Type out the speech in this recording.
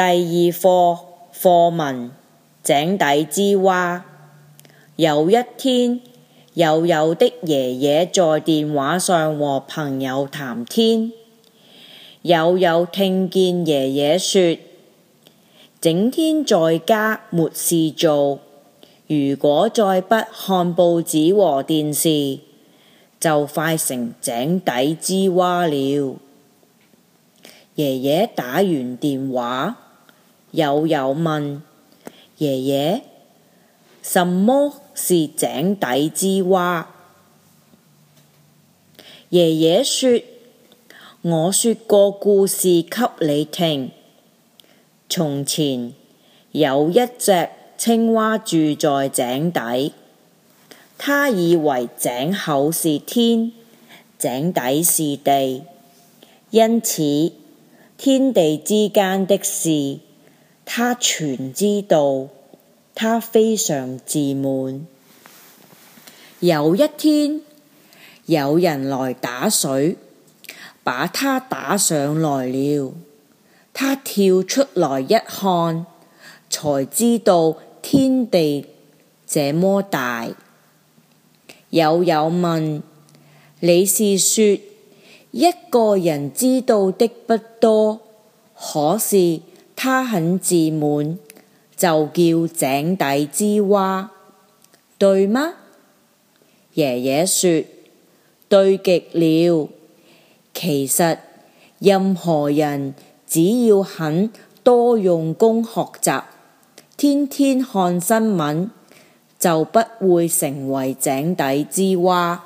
第二課課文《井底之蛙》。有一天，友友的爺爺在電話上和朋友談天，友友聽見爺爺說：整天在家沒事做，如果再不看報紙和電視，就快成井底之蛙了。爺爺打完電話。友友問爺爺：什麼是井底之蛙？爺爺說：我說個故事給你聽。從前有一隻青蛙住在井底，他以為井口是天，井底是地，因此天地之間的事。他全知道，他非常自滿。有一天，有人來打水，把他打上來了。他跳出來一看，才知道天地這麼大。友友問：你是說一個人知道的不多，可是？他很自滿，就叫井底之蛙，對嗎？爺爺說：對極了。其實任何人只要肯多用功學習，天天看新聞，就不會成為井底之蛙。